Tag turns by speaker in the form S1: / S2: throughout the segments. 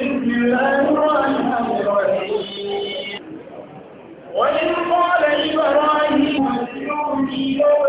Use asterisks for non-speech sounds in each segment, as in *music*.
S1: Ibrahim, wani ƙwararri ba ra'ayi masu yau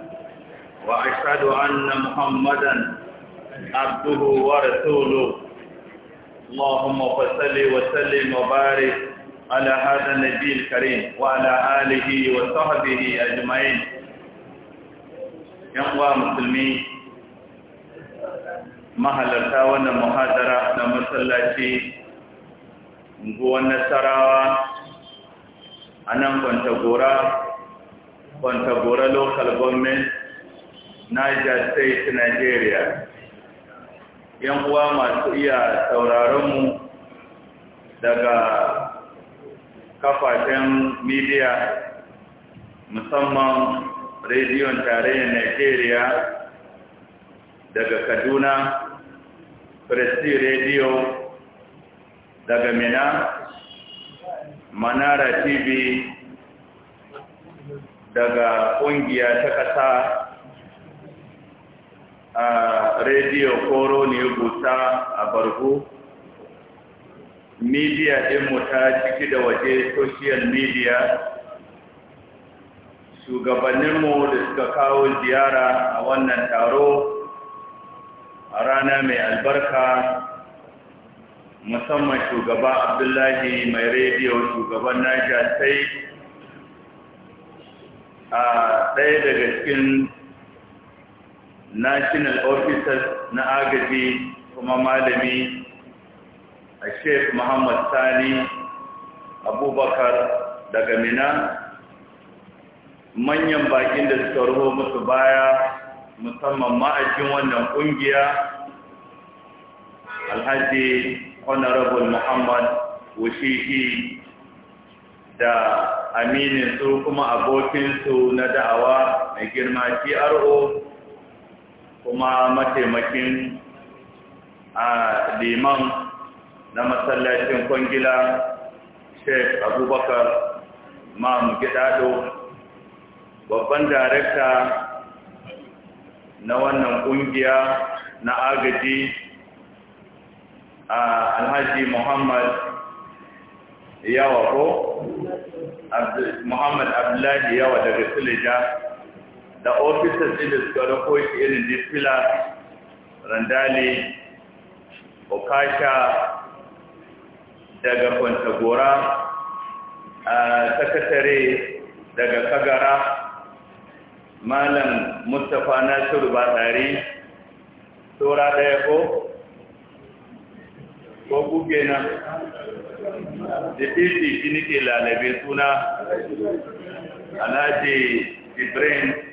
S2: وأشهد أن محمدا عبده ورسوله اللهم صل وسلم وبارك Wa هذا النبي الكريم وعلى آله وصحبه أجمعين ينقى مسلمين mahalarta wannan muhadara na masallaci guwan nasarawa a nan kwantagora kwantagora local Niger State, Nigeria. Yan uwa masu iya sauraronmu daga kafafen media musamman rediyon tarayyar Nigeria daga Kaduna, Presti Radio daga Mina, Manara TV daga ƙungiya ta ƙasa a rediyo koro ne rubuta a bargo media ɗinmu ta ciki da waje social media shugabanninmu da suka kawo ziyara a wannan taro a rana mai albarka musamman shugaba abdullahi mai rediyo shugaban naija sai a ɗaya daga cikin national officer na agaji kuma malami a sheikh muhammad sani abubakar daga mina manyan bakin da suka ruho musu baya musamman ma'aikin wannan kungiya alhaji honorable muhammad wushishi da aminin su kuma abokinsu na da'awa mai girma pro kuma mataimakin a liman na masallacin kwangila sheikh abubakar Mam gidado babban darekta na wannan kungiya na agaji a alhaji muhammad yawa ko muhammad abdullahi yawa daga silija da ofisar ɗin da suka rako shi irin disfila randali okasha daga kwantagora sakatare daga kagara malam mustapha nasiru tare tsora ɗaya ko ko kuke na da titi shi nike lalabe suna alhaji ibrahim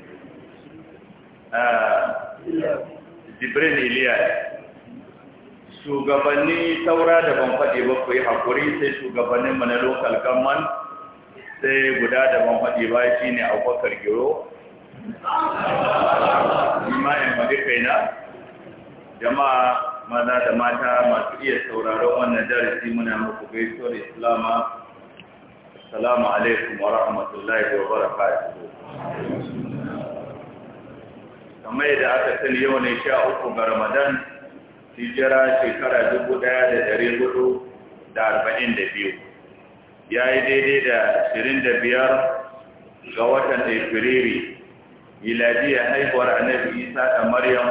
S2: Ah, jibril iliya shugabanni saura da ban faɗi ba ku yi haƙuri sai shugabannin na local government sai guda da ban faɗi ba shi ne abubakar giro imanin magikaina jama'a maza da mata masu iya sauraron wannan darasi muna muku gaisuwar islama assalamu alaikum wa rahmatullahi wa barakatuhu kamar yadda aka sani yau ne sha uku ga ramadan hijira shekara dubu ɗaya da dari hudu da arba'in da biyu ya yi daidai da ashirin da biyar ga watan efiriri miladiyar haihuwar annabi isa da maryam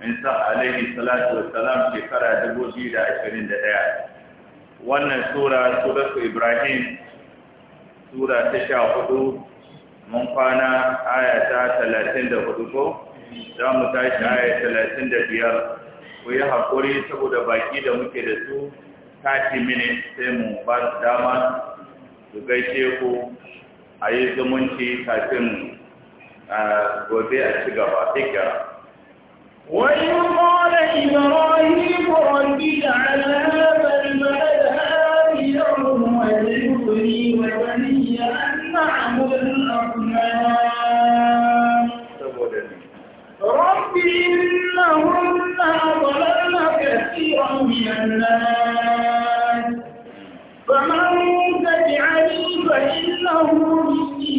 S2: in sa alaihi salatu salam shekara dubu biyu da ashirin da ɗaya wannan sura suratu ibrahim sura ta sha hudu mun kwana aya ta talatin da hudu ko za mu tashi aya talatin da biyar ku yi haƙuri saboda baki da muke da su tashi mini sai mu ba su dama su gaishe ku a yi zumunci kafin gobe a ci gaba ikira وإن قال إبراهيم
S1: رب اجعل الناس فمن تبعني فإنه مني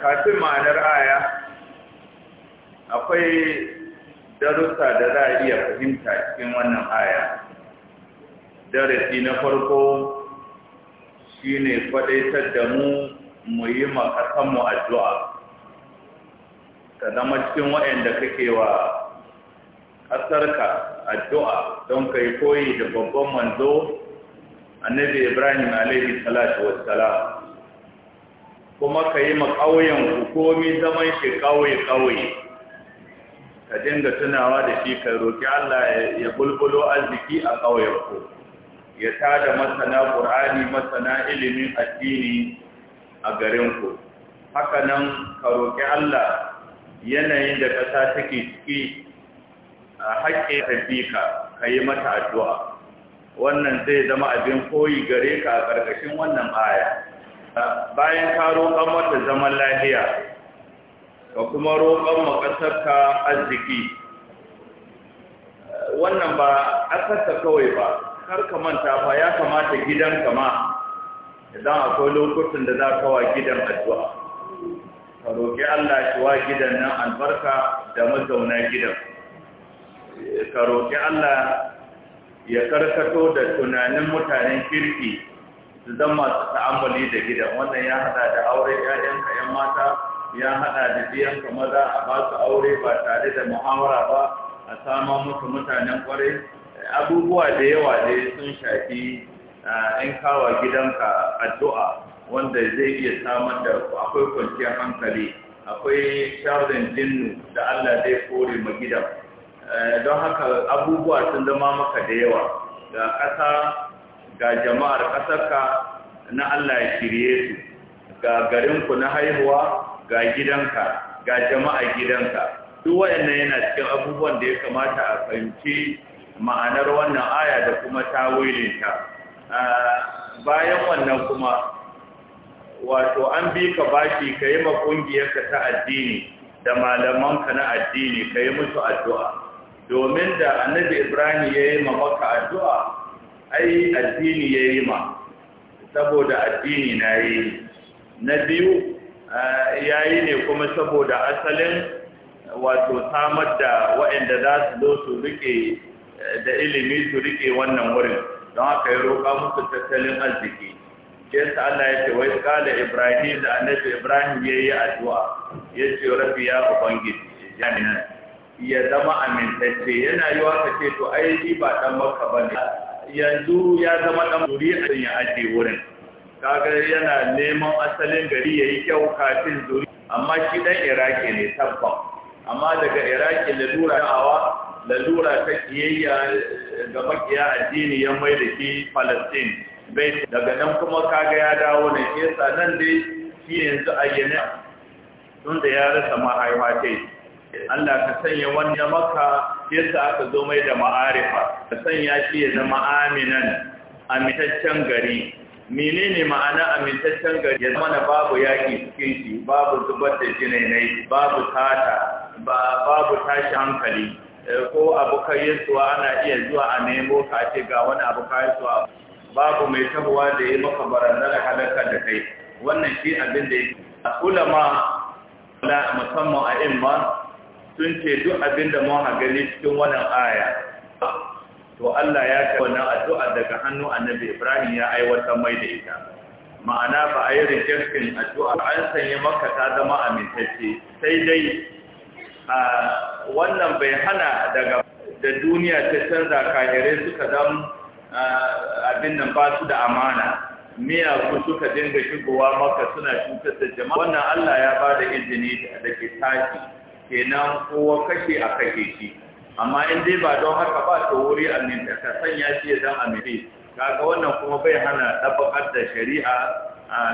S2: kafin ma'anar aya akwai darussa da za a iya fahimta cikin wannan aya darasi na farko shine faɗaitar da mu mu yi makasanmu addu'a ka zama cikin waɗanda kake wa ƙasarka addu'a don ka yi koyi da babban manzo annabi ibrahim alaihi salatu wassalam kuma ka yi makauyen komi zaman shi kawai-kawai ka dinga tunawa da shi ka roƙi allah ya bulbulo arziki a ƙauyenku ya tada masana ƙur'ani masana ilimin addini a garinku haka nan ka roƙi allah yanayin da ƙasa take ciki a haƙƙe tabbika ka yi mata addu'a wannan zai zama abin koyi gare ka a ƙarƙashin wannan aya bayan ka roƙon mata zaman lahiya ka kuma roƙon makasarka arziki wannan ba asarta kawai ba har ka manta fa ya kamata gidan kama idan akwai lokutan da za ka wa gidan addu'a ka roƙi Allah shi gidan nan albarka da mazauna gidan ka roƙi Allah ya karkato da tunanin mutanen kirki su zama su ta'amali da gidan wannan ya hada da aure ƴaƴanka ƴan mata ya hada da biyanka maza a ba su aure ba tare da muhawara ba a sama musu mutanen kwarai abubuwa da yawa dai sun shafi in kawa gidanka addu'a wanda zai iya samar da akwai kwanciyar hankali akwai sharrin jinnu da Allah zai kore ma gidan eh, don haka abubuwa sun zama maka da yawa ga ƙasa ga jama'ar ƙasarka na Allah ya shirye su ga garinku na haihuwa ga gidanka ga jama'a gidanka duk wayannan yana cikin abubuwan da ya kamata a fahimci ma'anar wannan aya da kuma tawilinta eh, bayan wannan kuma wato an bi ka bashi ka yi ma ƙungiyarka ta addini da malamanka na addini ka yi musu addu'a domin da annabi ibrahim ya yi ma maka addu'a ai addini ya yi ma saboda addini na yi na biyu eh, ya yi ne kuma saboda asalin wato samar da waɗanda za su zo su rike eh, da ilimi su rike wannan wurin don haka ya roƙa musu tattalin arziki yasa Allah ya ce wai kala Ibrahim da annabi Ibrahim ya yi addu'a ya ce rafi ya ubangiji jami'an ya zama amintacce yana yi wa ka ce to ai ni ba dan makka bane yanzu ya zama dan zuri'a ya aje wurin kaga yana neman asalin gari yayi kyau kafin zuri amma shi dan Iraki ne tabbam amma daga Iraki lalura awa lalura ta kiyayya ga makiya addini ya mai da shi Palestine bai daga nan kuma kaga ya dawo ne, ke sa nan dai shi yanzu ayyana tun da ya rasa mahaifa ce Allah ka sanya wanda maka sa aka zo mai da ma'arifa ka sanya shi ya zama aminan amintaccen gari menene ma'ana amintaccen gari ya zama babu yaƙi cikin shi babu zubar da jinai babu tata babu tashi hankali eh, ko abokan yasuwa ana iya zuwa a nemo ka ce ga wani abokan yasuwa babu mai tabuwa da ya maka barazanar halaka da kai wannan shi abin da yake ulama na musamman a imma sun ce duk abin da mun gani cikin wannan aya to Allah ya ce wannan addu'a daga hannu annabi Ibrahim ya aiwatar mai da ita ma'ana ba a yi rejectin addu'a an sanya maka ta zama amintacce sai dai a wannan bai hana daga da duniya ta canza kahirai suka zama abin nan ba su da amana Miya ku suka dinga shigowa maka suna cutar da jama'a wannan Allah ya ba da izini da ke tashi kenan kowa kashe a kashe shi amma in dai ba don haka ba ta wuri a aminta ka sanya shi ya zan amince kaga wannan kuma bai hana ɗabbaƙar da shari'a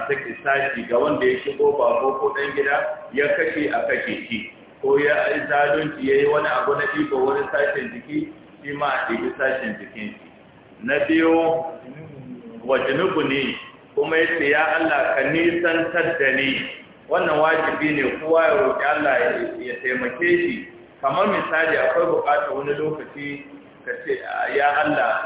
S2: ta kisashi ga wanda ya shigo ba ko ɗan gida ya kashe a kashe shi ko ya zalunci ya yi wani abu na ɗiba wani sashen jiki shi ma a ɗibi sashen jikin na biyu nubu ne, kuma yace ya Allah ka nisantar da ni wannan wajibi ne kowa ya roƙi Allah ya taimake shi kamar misali akwai buƙatar wani lokaci ka ce ya Allah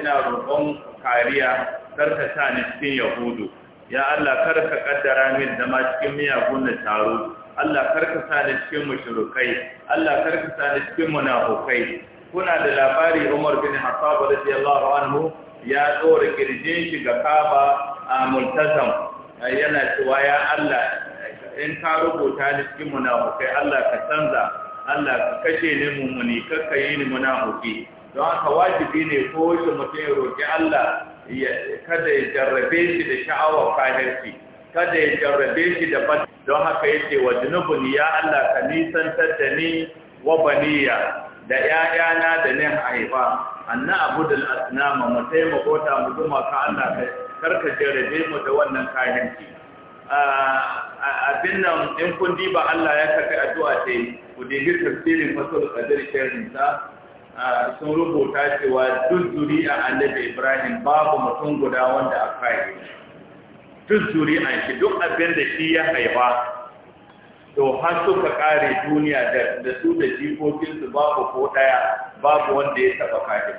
S2: ina roƙon kariya kar sa ni cikin yahudu ya Allah kar kaddara min zama cikin miyagun na taro Allah kar sa ni cikin mushrikai Allah kar sa ni cikin munafukai kuna da labari Umar bin Khattab radiyallahu anhu ya tsore kirje shi ga Kaaba a multazam yana cewa ya Allah in ka rubuta ni cikin munafiki Allah ka canza Allah ka kashe ni mumuni kaka yi ni munafuki don haka wajibi ne ko shi mutum ya roƙi Allah kada ya jarrabe shi da sha'awar kahirci kada ya jarrabe shi da don haka yace wa junubun ya Allah ka nisantar da ni wa baniya da ‘ya'yana da nan haifa, anna abu da al'asnama mu taimako ta mu zuma ka Allah karka jarabe mu da wannan kayanci. Abin nan in kun diba Allah ya kafa addu'a ce, ku dibi tafsirin fasul kadar shirinsa sun rubuta cewa duk zuri'a annabi Ibrahim babu mutum guda wanda a kai. Duk zuri'a shi duk abin da shi ya haifa to har suka kare duniya da su da jikokinsu babu ko ɗaya babu wanda ya taɓa kare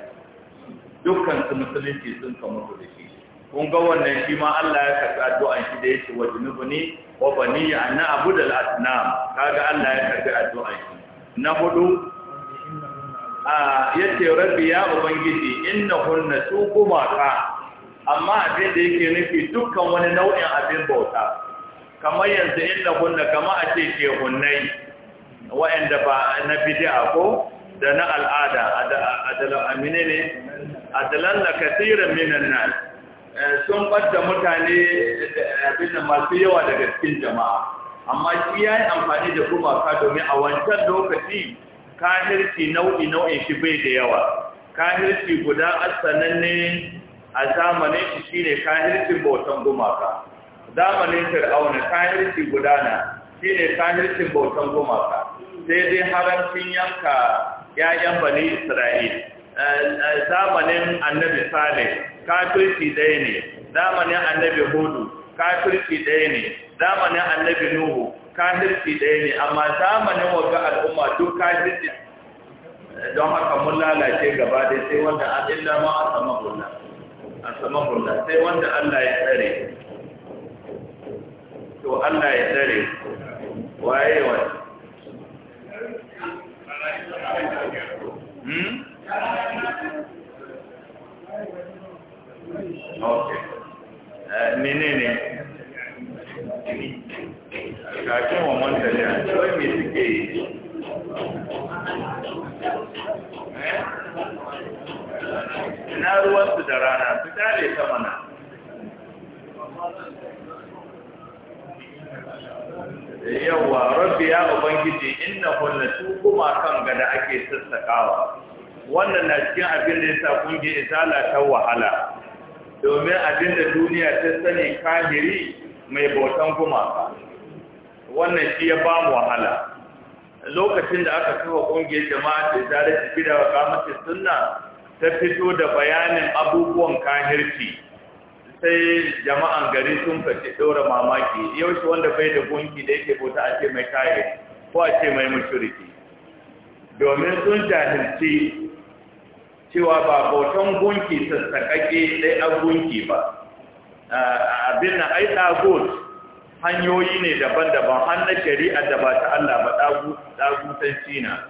S2: dukkan su musulunci sun kama su da shi kun ga wannan shi ma Allah ya karɓi addu'an shi da ya ce wa junubuni wa baniya an abu da al'asnam kaga Allah ya karɓi addu'an shi na hudu a yace rabbi ya ubangiji innahunna su ka amma abin da yake nufi dukkan wani nau'in abin bauta kamar yanzu inda kunna kama a ce ke hunnai wa'anda ba na bid'a ko da na al'ada adalalamine ne adalalla kasirin minan nan eh, sun ɓadda mutane eh, abin masu yawa daga cikin jama'a amma shi ya yi amfani da gumaka domin a wancan lokaci kahirci nau'i nau'in shi bai da yawa kahirci guda sananne a zamanin shi ne kahircin bautan gumaka zamanin fir'auna kahirci gudana shine kahircin bautan gumaka sai dai haramcin yanka yayan bani isra'il eh, eh, zamanin annabi salih kafirci ɗaya ne zamanin annabi hudu kafirci ɗaya ne zamanin annabi nuhu kafirci ɗaya ne amma zamanin wagga al'umma duk kafirci eh, don haka mun lalace gaba da sai wanda illa ma a sama a sama sai wanda Allah ya tsare to Allah ya dare waye wani? hmm
S1: okay eh, menene kake wa manta a wai me suke yi eh? na ruwansu da rana su
S2: tare ta na.
S1: yawa rabbi ya ubangiji
S2: inna hunna su kuma kan gada ake sassakawa wannan na cikin abin da yasa kungi izala ta wahala domin abin da duniya ta sani kahiri mai bautan kuma. wannan shi ya ba mu wahala lokacin da aka kafa kungiyar jama'a da izala ta gida wa sunna ta fito da bayanin abubuwan kahirci sai jama'an gari sun fashe ɗora mamaki yaushe wanda bai da gunki da yake bauta a ce mai kayan ko a ce mai mashiriki domin sun jahilci cewa ba bautan gunki sassaƙaƙe ɗai a gunki ba abin na ai ɗagot hanyoyi ne daban-daban har na shari'a da ba ta Allah ba ɗagutanci na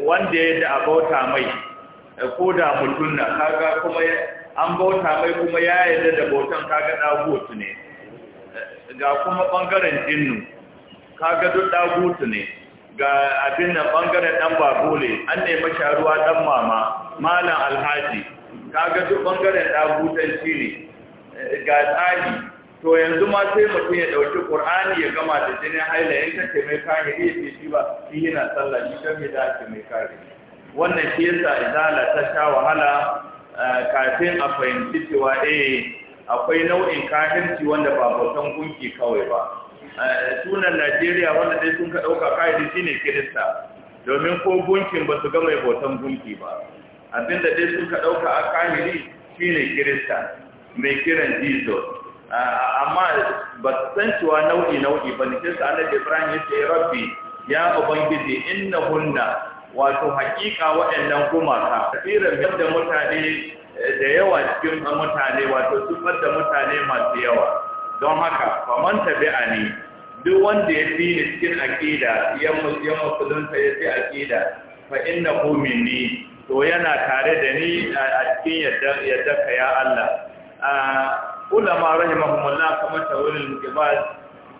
S2: wanda ya da abauta mai ko da mutum na kaga kuma an bauta mai kuma ya yarda da bautan kaga dagutu ne ga kuma bangaren jinnu kaga duk dagutu ne ga abin nan bangaren dan babule an nemi sharuwa dan mama malam alhaji kaga duk bangaren dagutan shi ne ga tsari to yanzu ma sai mutum ya ɗauki ƙur'ani ya gama da jinin haila Yanka kace mai kare ya ce shi ba shi yana sallah shi kan ya dace mai kare wannan shi yasa izala ta sha wahala Eh, kafin a fahimci cewa eh akwai nau'in kafirci wanda ba bautan gunki kawai ba eh, sunan najeriya wanda dai sun ka ɗauka ka'idi shine kirista domin ko gunkin ba su ga mai bautan gunki ba abinda dai sun ka ɗauka a kahiri shine kirista mai kiran jesus eh, amma ba su san cewa nau'i nau'i ba ne kirista annabi ibrahim ya ce rabbi ya ubangiji innahunna wato hakika waɗannan gumaka tsirin da mutane eh, da yawa cikin mutane wato sufar da mutane masu yawa don haka faman tabi'a ne duk wanda ya fi ni cikin aƙida ya musulunta ya fi aƙida fa inna hu minni to yana tare da ni a cikin yadda ka ya Allah ulama rahimahumullah kamar tawilul ibad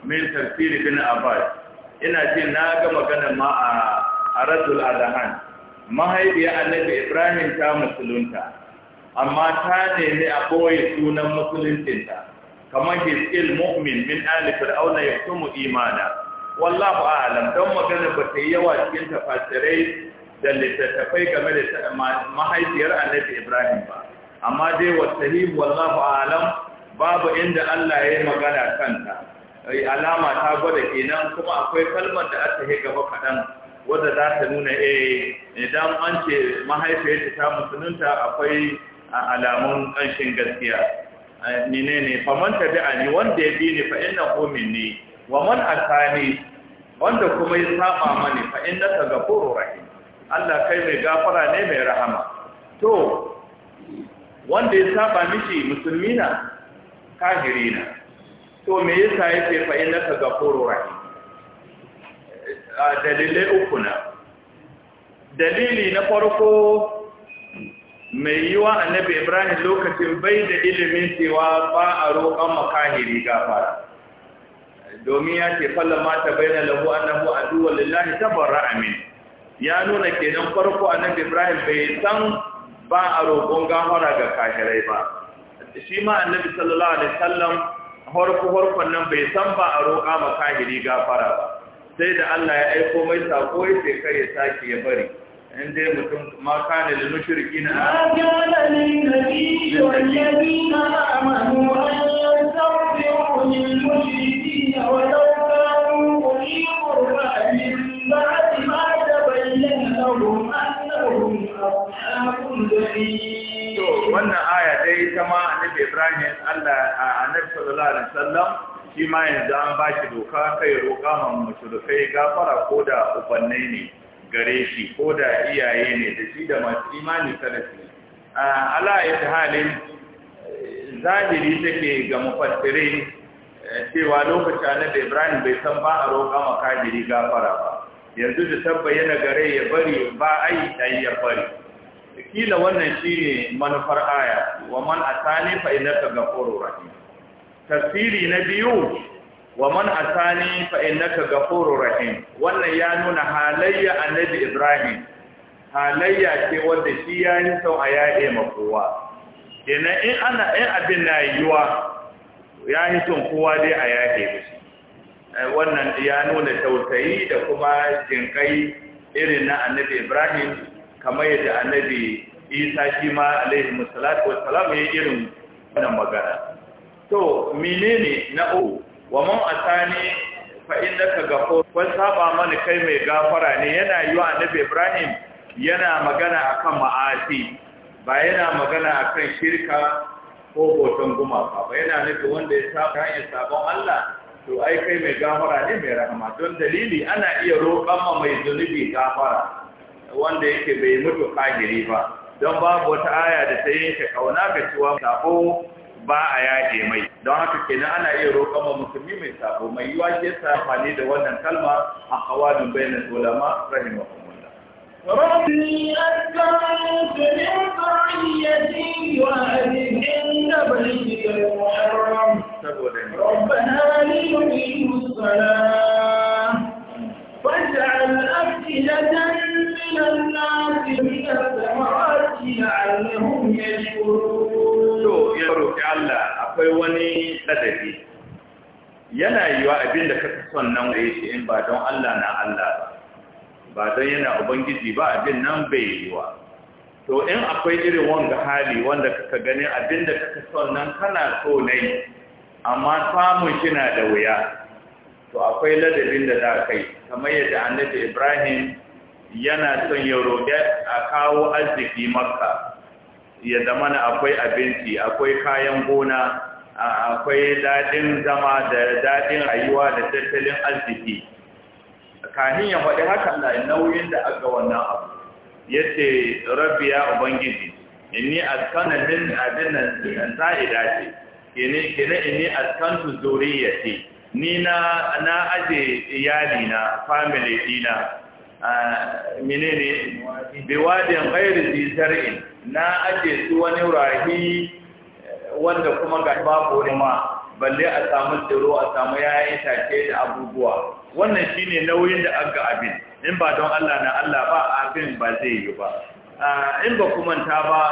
S2: min tafsir bin abbas ina jin na ga magana ma a aratul adahan mahaifiyar annabi ibrahim ta musulunta amma ta nemi a ɓoye sunan musuluncinta kamar hiskil mu'min min ali fir'auna ya tumu imana wallahu a'lam don magana ba ta yi yawa cikin tafasirai da littattafai game da mahaifiyar annabi ibrahim ba amma dai wasahihu wallahu a'lam babu inda Allah ya yi magana kanta alama ta gwada kenan kuma akwai kalmar da aka yi gaba kaɗan wadda za ta nuna eh idan an ce mahaifiyarta ta musulunta akwai alamun ƙanshin gaskiya ni ne ne famanta tabi'a ni wanda ya bi ni fa inna hu minni wa man atani wanda kuma ya saba mani fa innaka ghafurur rahim Allah kai mai gafara ne mai rahama to wanda ya saba miki musulmina, na na to me yasa yake fa innaka ghafurur rahim A dalilai uku na dalili na farko mai yiwa annabi ibrahim lokacin bai da ilimin cewa ba a roƙon makahiri gafara domin ya ce fallama ta bayyana lahu annahu aduwwa lillahi tabarra amin ya nuna kenan farko annabi ibrahim bai san ba a roƙon gafara ga kahirai ba shi ma annabi sallallahu alaihi sallam horko horkon nan bai san ba a roƙa makahiri gafara ba sai da Allah ya aiko mai sako ya ce kai ya sake ya bari in dai mutum ma kana lil mushrikin ma kana lil nabiyyi wal ladina amanu an
S1: yastaghfiru lil mushrikin wa law kanu uli qurba min ba'di ma tabayyana lahum annahum ashabul
S2: jahim to wannan aya dai ita ma annabi Ibrahim Allah annabi sallallahu alaihi wasallam shi ma yanzu an ba shi doka kai roƙa ma mushrikai gafara ko da ubanne ne gare shi ko da iyaye ne da shi da masu imani salafi ala halin eh, zahiri take ga mafattare eh, cewa lokacin da Ibrahim bai san ba a roƙa ma gafara ba yanzu da tabbayyana gare ya bari ba ai dan ya bari kila wannan shine manufar aya wa man atani fa ga ghafurur rahim tafsiri na biyu wa man asani fa innaka ghafurur rahim wannan ya nuna halayya annabi ibrahim halayya ce wanda shi ya yi sau a yaye ma kowa in ana in abin na yiwa ya yi son kowa dai a yaye mishi eh, wannan ya nuna tausayi da kuma jinkai irin na annabi ibrahim kamar yadda annabi isa shi ma alaihi musallatu wassalam ya irin wannan magana to menene na uku wa man asani fa innaka ghafur wal saba mani kai mai gafara ne yana yi wa annabi Ibrahim yana magana akan ma'asi ba yana magana akan shirka ko hoton guma ba yana nufin wanda ya saba ya sabon Allah to ai kai mai gafara ne mai rahama don dalili ana iya roƙon ma mai zunubi gafara wanda yake bai mutu kagiri ba don babu wata aya da ta yanke kauna ga cewa sabo ba a yaje mai don haka kenan ana iya roƙon wa musulmi mai sabo mai yiwa ke sa amfani da wannan kalma a kawalin bayanan ulama rahimahumullah ربي
S1: أسلمت من الناس من لعلهم ya
S2: roƙi Allah akwai wani ladabi yana yiwa abin da kasa son nan waye shi in ba don Allah na Allah ba ba don yana ubangiji ba abin nan bai yiwa to in akwai irin wanga hali wanda kaka gani abin da kaka son nan kana so yi amma samun shi na da wuya to akwai ladabin da za kai kamar yadda annabi Ibrahim yana son ya roƙi a kawo arziki makka ya zama na akwai abinci akwai kayan gona akwai daɗin zama da daɗin rayuwa da tattalin arziki kahin ya faɗi haka na nauyin da aka wannan abu ya ce rabbi ya ubangiji inni askana min abin za'ida ce kene inni askantu zuriyati ni na na aje iyali na family dina menene biwadin ghairi zar'in na aje su wani rahi wanda kuma ga babu wani ma balle a samu tsiro a samu yayin tace da abubuwa wannan shine nauyin da aka abin in ba don Allah na Allah ba abin ba zai yi ba in ba kuma ta ba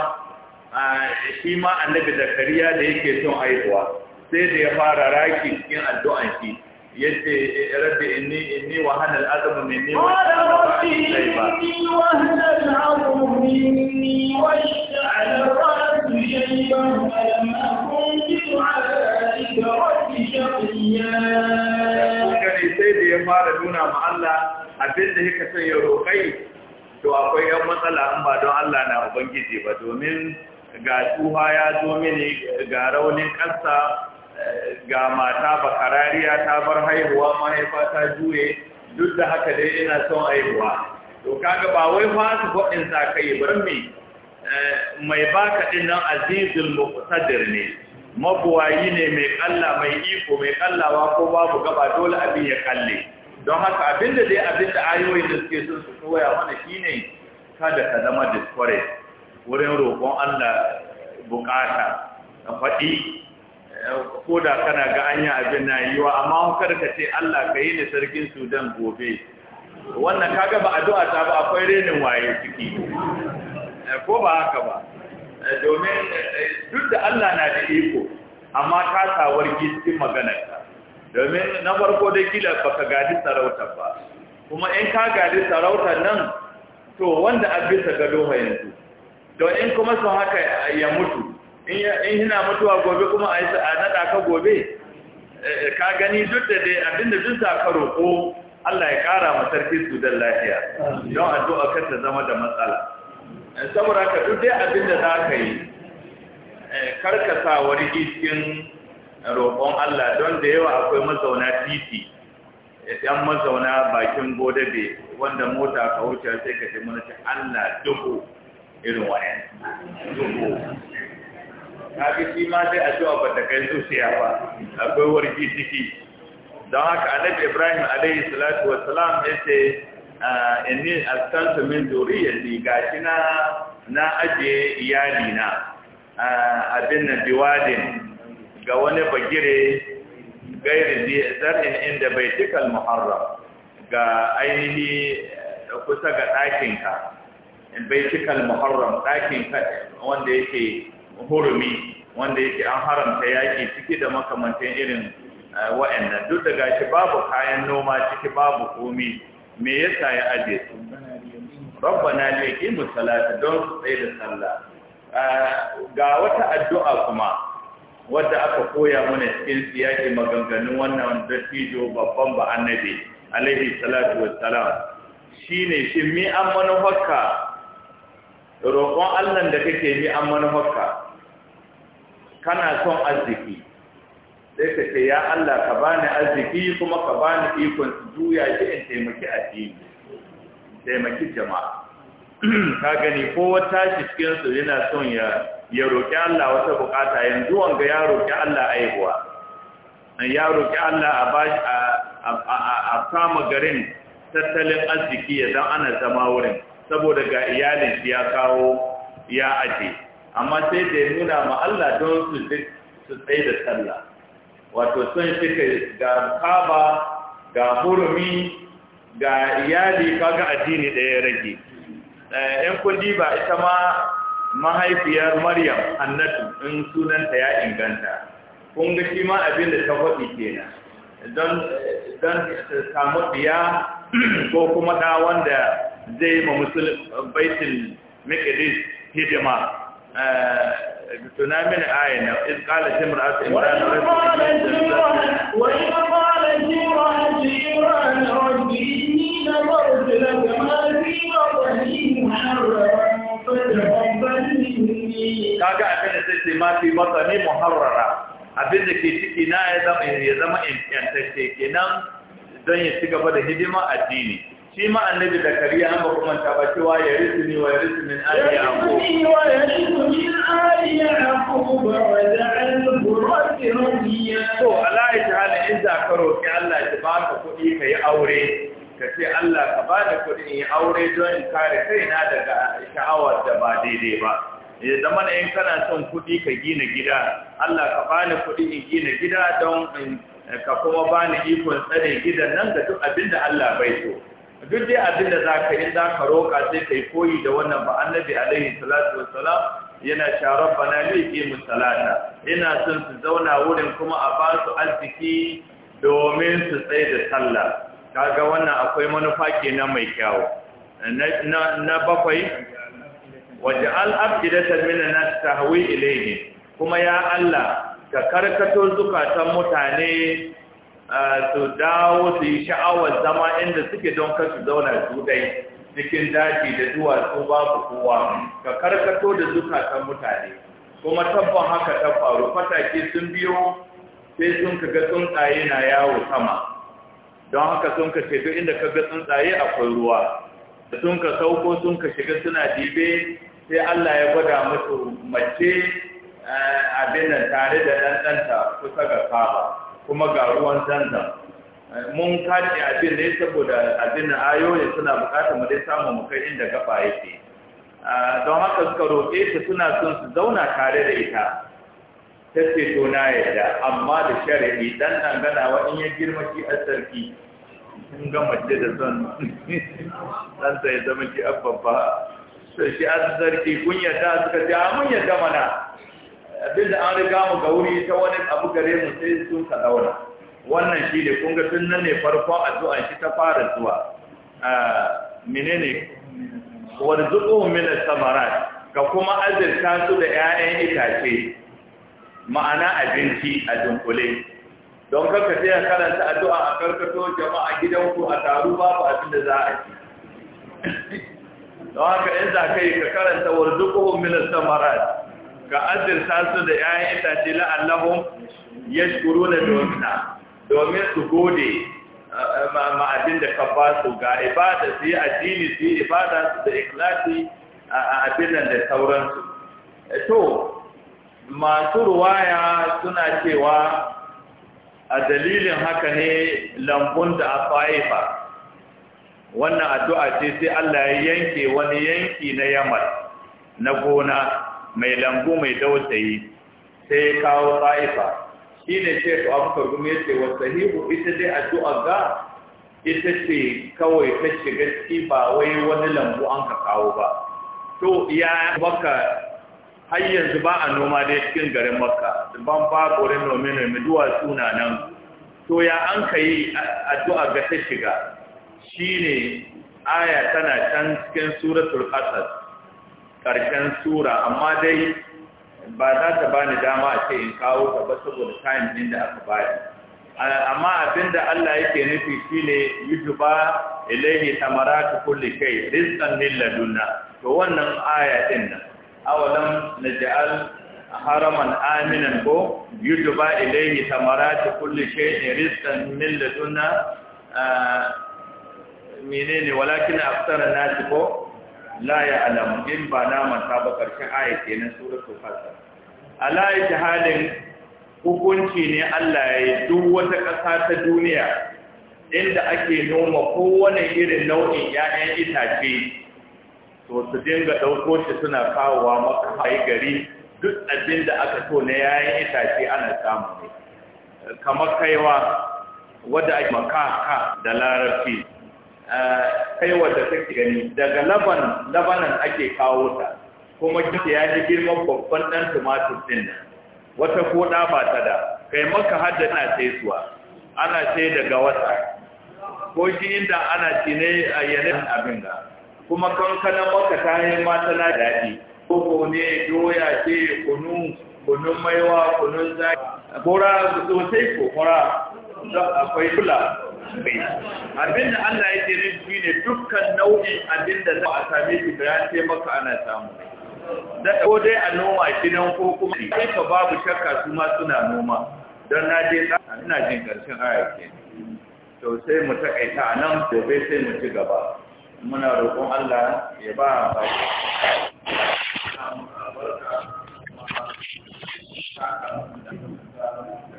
S2: shi ma annabi zakariya da yake son haihuwa sai da ya fara raki cikin addu'an shi yace rabbi inni inni wa hana al'azmu minni wa rabbi inni wa hana al'azmu minni wa
S1: ij'al ar-ra'su shayban wa lam akun bi du'a'ika rabbi shaqiya
S2: kare sai da ya fara nuna ma Allah abinda yake son ya roƙai to akwai yan matsala in ba don Allah na ubangiji ba domin ga tuha ya zo mini ga raunin ƙasa. ga mata bakarariya ta bar haihuwa mahaifa ta juye duk da haka dai ina son haihuwa to kaga ba wai fa su faɗin sa kai bar me eh, mai baka din nan azizul muqtadir ne mabuwayi ne mai kalla mai iko mai kallawa ko babu gaba dole abin ya kalle don haka abinda dai abinda ayoyin da suke son su koya mana shine kada ka zama discouraged wurin roƙon Allah bukata ka faɗi ko da kana ga anya abin na yiwa amma kar ka ce Allah ka yi ni sarkin Sudan gobe wannan kaga ba addu'a ta ba akwai renin waye ciki eh, ko ba haka ba eh, domin eh, duk da Allah na da iko amma ta sawar cikin maganar domin na farko dai kila baka gadi sarauta ba kuma in ka gadi sarautar nan to wanda a bisa gado yanzu don in kuma sun haka ya mutu in hina mutuwa gobe kuma a yi nada ka gobe eh, ka gani duk da dai abinda duk sa ka roƙo Allah ya ƙara ma sarki sudan lafiya don addu'a kar ta zama da matsala eh, saboda ka duk dai abinda za ka yi eh, karkasa wari cikin roƙon Allah don da yawa akwai mazauna titi ɗan mazauna bakin godabe wanda mota ka wuce sai ka ji mana Allah duhu irin wayan kaga shi ma sai addu'a ba ta kai zuciya ba akwai warki ciki don haka annabi Ibrahim alaihi salatu wa Salam wassalam yace ah, inni askantu min zuriyati gashi na na aje iyali na ah, abin nan biwadin ga wani bagire gairi zar'in inda bai cikal muharram ga ainihi eh, kusa ga ɗakinka bai baitikal muharram ɗakinka wanda yake hurumi wanda yake an haramta yaƙi ciki da makamantan irin eh, wa'annan duk da gashi babu kayan noma ciki babu komi me yasa ya aje su rabbana ki mu salata don tsaye da sallah eh, ga wata addu'a kuma wadda aka koya mana cikin siyaki maganganun wannan dattijo babban ba annabi alaihi salatu wassalam shine shi mi an manufarka roƙon Allah da kake mi an manufarka kana son arziki sai ka ce ya Allah ka bani arziki kuma ka bani ikon juya shi in taimaki addini taimaki jama'a *clears throat* ka gani ko wata cikin su yana son ya ya roki Allah wata bukata yanzu wanga ya roki Allah aihuwa ya roki Allah a bashi a kama garin tattalin arziki ya dan ana zama wurin saboda ga iyalin shi ya kawo ya aje amma sai da ya nuna ma Allah don su su tsaye da sallah wato sun suka ga kaba ga hurumi ga iyali kaga addini ɗaya rage ‘yan eh, kundi ba ita ma mahaifiyar maryam annatu in sunanta ya inganta kun ga shi ma abin da ta faɗi kenan don don samu biya *clears throat* ko kuma da wanda zai ma musulun baitin mekidis hidima آه، تنامي الآية إذ قال جمرة إمران وإذا قال جمرة وإذا قال جمرة
S1: جمرة ربيني نبرت لك ما في بطني محرر فتحبني كاكا أبنى سيسي ما في بطني
S2: محرر أبنى كيسيكي نا يزم يزم إنتشيكي نام دون يسيكي بدا هدما أديني shi ma annabi zakariya an ba kuma ta ba cewa ya risu ni wa ya risu min ali wa ya risu min ali yaqub wa
S1: ja'alhu rabbi radiya to ala ijhala
S2: in ka ki Allah ya baka kuɗi ka yi aure ka ce Allah ka ba da kuɗi in yi aure don in kare kaina daga sha'awar da ba daidai ba ya zama in kana son kuɗi ka gina gida Allah ka bani kuɗi in gina gida don ka kuma bani ikon tsare gidan nan da duk abin da Allah bai so duk dai abin da za ka yi za ka roƙa sai ka yi koyi da wannan ba annabi alaihi salatu salam yana sharar bana laifi musalata ina son su zauna wurin kuma a ba su arziki domin su tsaye da sallah kaga wannan akwai manufa kenan mai kyau. na bakwai waje al'abdidatar mina na tahwi ilaihi kuma ya Allah ka karkato zukatan mutane su dawo su yi sha'awar zama inda suke don kasu zauna su dai cikin daji da zuwa duwatsu babu kowa ka karkato da zukatan mutane kuma tabban haka ta faru fatake sun biyo sai sun kaga tsuntsaye na yawo sama don haka sun ka ce duk inda kaga tsuntsaye akwai ruwa da sun ka sauko sun ka shiga suna dibe sai Allah ya gwada musu mace eh, abin nan tare da ɗanɗanta kusa ga kaba kuma ga ruwan sanda mun kace abin ne saboda abin da ayoyin suna bukatar mu dai samu mu kai inda gaba yake don haka suka roƙe ta suna son su zauna tare da ita ta ce to na yadda amma da shari'i dan wa in ya girma shi a sarki sun ga mace da son dan sai zama shi abba ba sai shi a sarki kun yadda suka ce mun yadda mana Abin da an riga mu ga wuri ta wani abu gare mu sai sun ka daura wannan shi ne kun ga tun nan ne farkon addu'a shi ta fara zuwa ah, menene warzuquhum min as-samarat ka kuma azirta su da 'ya'yan itace ma'ana abinci a dunkule don kanka sai a karanta addu'a a karkato jama'a gidanku a taru babu abin da za a ci don haka in za ka yi ka karanta warzuquhum min as-samarat ka azirta su da ‘ya'yan itace la'allahun ya shuru na domina domin su gode ma'adin da ka ba su ga ibada su yi addini su yi ibada su da ikilasi a abin da sauransu. E to, masu ruwaya suna cewa a dalilin haka ne lambun da a faifa wannan addu'a ce sai Allah ya yanke wani yanki na yamar na gona mai lambu mai dausayi sai ya kawo raifa shi ne ce to abu kargum ya ce wasu sahihu ita dai addu'a ga ita ce kawai ta shiga ciki ba wai wani lambu an ka kawo ba to ya baka har yanzu ba a noma dai cikin garin makka ban ba korin nome mai duwatsu na nan to ya an ka yi addu'a ga ta shiga Shi ne aya tana can cikin suratul qasas ƙarshen sura amma dai ba za ta bani dama a ce in kawo ta ba saboda time din da aka bayar amma abinda Allah yake nufi shine yutuba samara ta kulle shay rizqan lil ladunna to wannan aya din nan na naj'al haraman aminan ko yi duba, samara ta kulle kulli shay rizqan lil ladunna menene walakin aktsara nas ko la alamu, in ba na manta ba karshen aya nan suratul fatir ala halin hukunci ne Allah ya yi duk wata ƙasa ta duniya inda ake noma kowane irin nau'in 'ya'yan itace to su dinga ɗauko shi suna kawowa maka hayi gari duk abin da aka so na yayin itace ana samu ne kamar kaiwa wadda ake maka da larabci kaiwar da take gani daga laban labanan ake kawo ta kuma kike ya ji girman babban dan tumatur din nan wata koda ba ta da kai maka hadda na sai suwa ana sai daga wata ko shi inda ana ci a yanin abin da kuma kankanan maka ta yi mata na daɗi koko ne doya ce kunu kunun maiwa kunun zaki sosai ko da akwai kula bai abinda Allah ya ce biyu ne dukkan nau'in abinda za a same shi da ya maka ana samu da ko dai a noma gidan ko kuma sai ka babu shakka su ma suna noma don na je ina jin karshen aya ke to sai mu takaita a nan gobe sai mu ci gaba muna roƙon Allah ya ba ba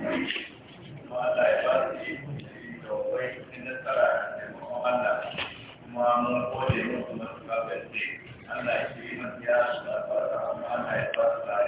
S2: Thank you. nasara da taimakon Allah kuma mun gode musu matuƙa gaske Allah ya ce ya su da fara amma Allah ya ba su